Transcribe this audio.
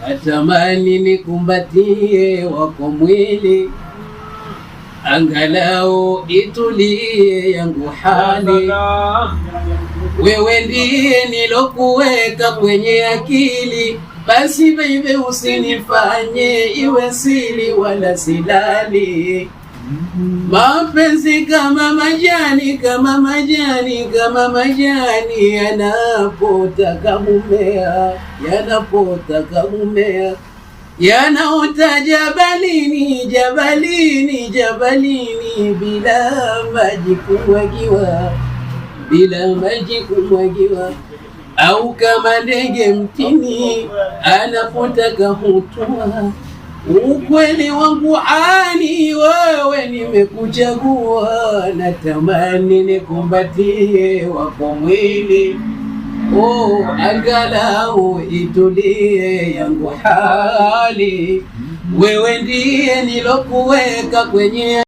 natamani nikumbatie wako mwili, angalau itulie yangu hali. Wewe ndiye nilokuweka kwenye akili, basi baby usinifanye iwe sili wala silali. Mapenzi kama majani, kama majani, kama majani yanapotaka kamumea yanapotaka kamumea yanaota jabalini, jabalini, jabalini bila maji kumwagiwa, bila maji kumwagiwa au kama ndege mtini anapotaka hutua ukweli wangu ani, wewe nimekuchagua, natamani nikumbatie wako mwili oh, angalau itulie yangu hali, wewe ndiye nilokuweka kwenye